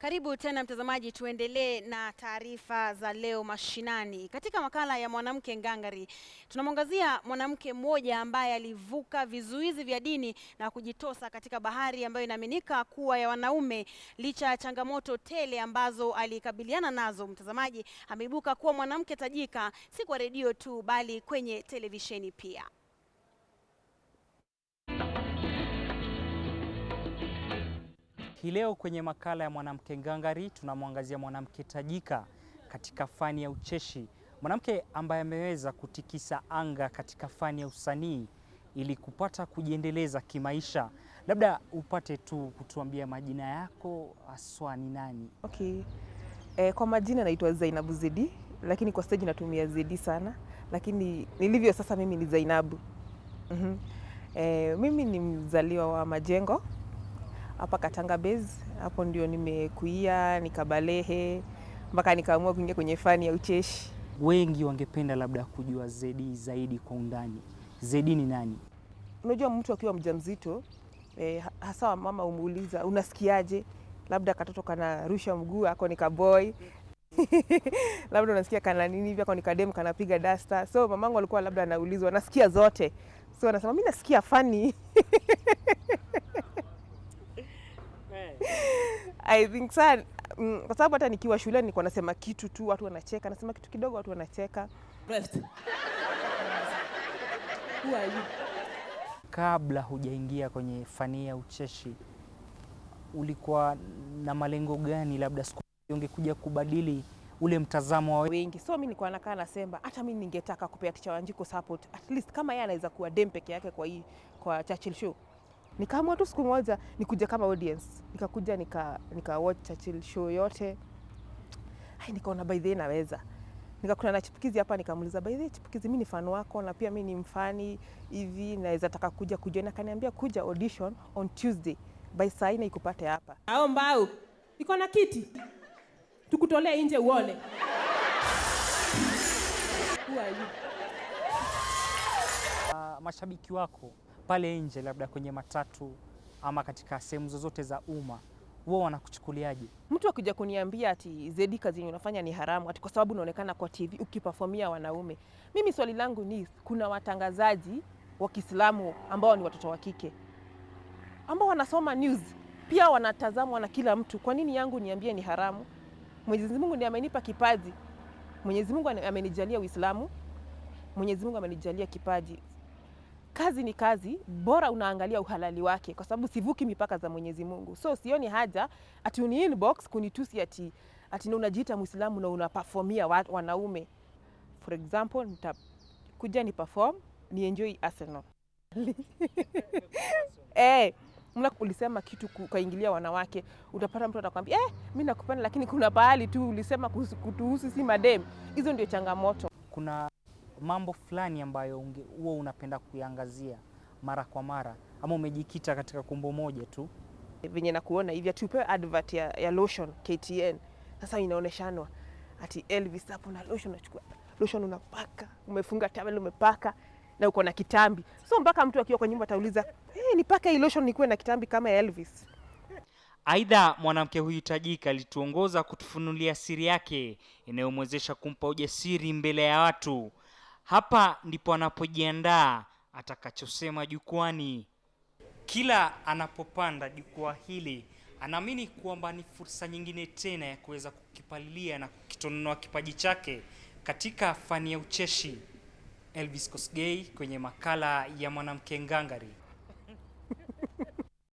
Karibu tena mtazamaji, tuendelee na taarifa za leo mashinani. Katika makala ya mwanamke ngangari, tunamwangazia mwanamke mmoja ambaye alivuka vizuizi vya dini na kujitosa katika bahari ambayo inaaminika kuwa ya wanaume. Licha ya changamoto tele ambazo alikabiliana nazo, mtazamaji, ameibuka kuwa mwanamke tajika, si kwa redio tu, bali kwenye televisheni pia. Hii leo kwenye makala ya Mwanamke Ngangari tunamwangazia mwanamke tajika katika fani ya ucheshi, mwanamke ambaye ameweza kutikisa anga katika fani ya usanii ili kupata kujiendeleza kimaisha. Labda upate tu kutuambia majina yako haswa ni nani? Okay. E, kwa majina naitwa Zainabu Zedi, lakini kwa stage natumia Zedi sana, lakini nilivyo sasa mimi ni Zainabu. mm -hmm. E, mimi ni mzaliwa wa Majengo hapa Katanga Base. Hapo ndio nimekuia nikabalehe mpaka nikaamua kuingia kwenye fani ya ucheshi. Wengi wangependa labda kujua Zedee zaidi kwa undani. Zedee ni nani? Unajua, mtu akiwa mjamzito eh, hasa mama umuuliza unasikiaje, labda katoto kana rusha mguu ako ni kaboy labda unasikia kana nini hivi ako ni kadem kanapiga dasta. So mamangu alikuwa labda anaulizwa, nasikia zote, so anasema mimi nasikia fani I think mm, kwa sababu hata nikiwa shule nilikuwa nasema kitu tu watu wanacheka, nasema kitu kidogo watu wanacheka. Kabla hujaingia kwenye fani ya ucheshi ulikuwa na malengo gani? Labda siku ungekuja kubadili ule mtazamo wa wengi. So mi nilikuwa nakaa nasema hata mi ningetaka kupea ticha Wanjiku support at least, kama yeye anaweza kuwa dem peke yake kwa hii kwa Churchill show Nikaamua tu siku moja nikuja kama audience, nikakuja nika, nika watch Churchill show yote. Hai, nikaona by the way naweza nikakutana na chipukizi hapa, nikamuuliza by the way, chipukizi, mimi ni fan wako na pia mimi ni mfani hivi, naweza taka kuja kujoin? Akaniambia kuja audition on Tuesday by saa nne ikupate hapa. Hao mbao iko na kiti tukutolee nje uone. Uh, mashabiki wako pale nje, labda kwenye matatu ama katika sehemu zozote za umma wao wanakuchukuliaje? Mtu akija kuniambia ati Zedi, kazi unafanya ni haramu, ati kwa sababu unaonekana kwa TV ukipafomia wanaume, mimi swali langu ni kuna watangazaji wa Kiislamu ambao ni watoto wa kike ambao wanasoma news pia wanatazamwa na kila mtu. Kwa nini yangu niambie ni haramu? Mwenyezi Mungu ndiye amenipa kipaji. Mwenyezi Mungu amenijalia Uislamu. Mwenyezi Mungu amenijalia kipaji kazi ni kazi, bora unaangalia uhalali wake, kwa sababu sivuki mipaka za Mwenyezi Mungu. So sioni haja ati uni inbox kunitusi ati ati unajiita Muislamu na unaperformia wanaume. For example, nitakuja ni perform ni enjoy Arsenal eh mna ulisema kitu kaingilia wanawake, utapata mtu atakwambia eh, mimi nakupenda, lakini kuna pahali tu ulisema kuhusu si madem. Hizo ndio changamoto kuna mambo fulani ambayo huwa unapenda kuiangazia mara kwa mara ama umejikita katika kumbo moja tu? Venye nakuona hivi atupewe advert ya, ya lotion KTN, sasa inaoneshanwa ati Elvis hapo na lotion, unachukua lotion unapaka, umefunga towel umepaka na uko na kitambi, so mpaka mtu akiwa kwa nyumba atauliza hey, eh, nipake hii lotion nikuwe na kitambi kama Elvis. Aidha, mwanamke huyu tajika alituongoza kutufunulia siri yake inayomwezesha kumpa ujasiri mbele ya watu hapa ndipo anapojiandaa atakachosema jukwani. Kila anapopanda jukwaa hili anaamini kwamba ni fursa nyingine tena ya kuweza kukipalilia na kukitononoa kipaji chake katika fani ya ucheshi. Elvis Kosgei kwenye makala ya Mwanamke Ngangari.